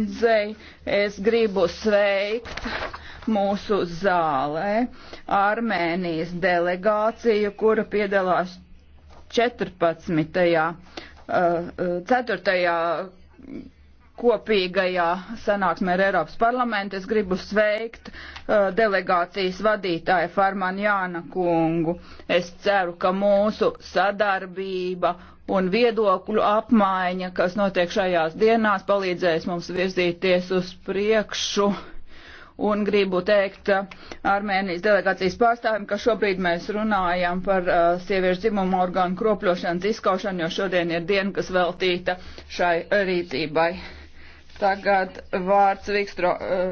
Dzei, es gribu sveikt mūsu zālē Armēnijas delegāciju, kura piedalās 14. 4. Uh, uh, kopīgajā sanāksmē ar Eiropas parlamentu. Es gribu sveikt uh, delegācijas vadītāju Farmanu Jāna kungu. Es ceru, ka mūsu sadarbība un viedokļu apmaiņa, kas notiek šajās dienās, palīdzēs mums virzīties uz priekšu. Un gribu teikt uh, Armēnijas delegācijas pārstāvim, ka šobrīd mēs runājam par uh, sieviešu dzimumu orgānu kropļošanas izskaušanu, jo šodien ir diena, kas veltīta šai rīcībai. Tagad vārds Vikstro.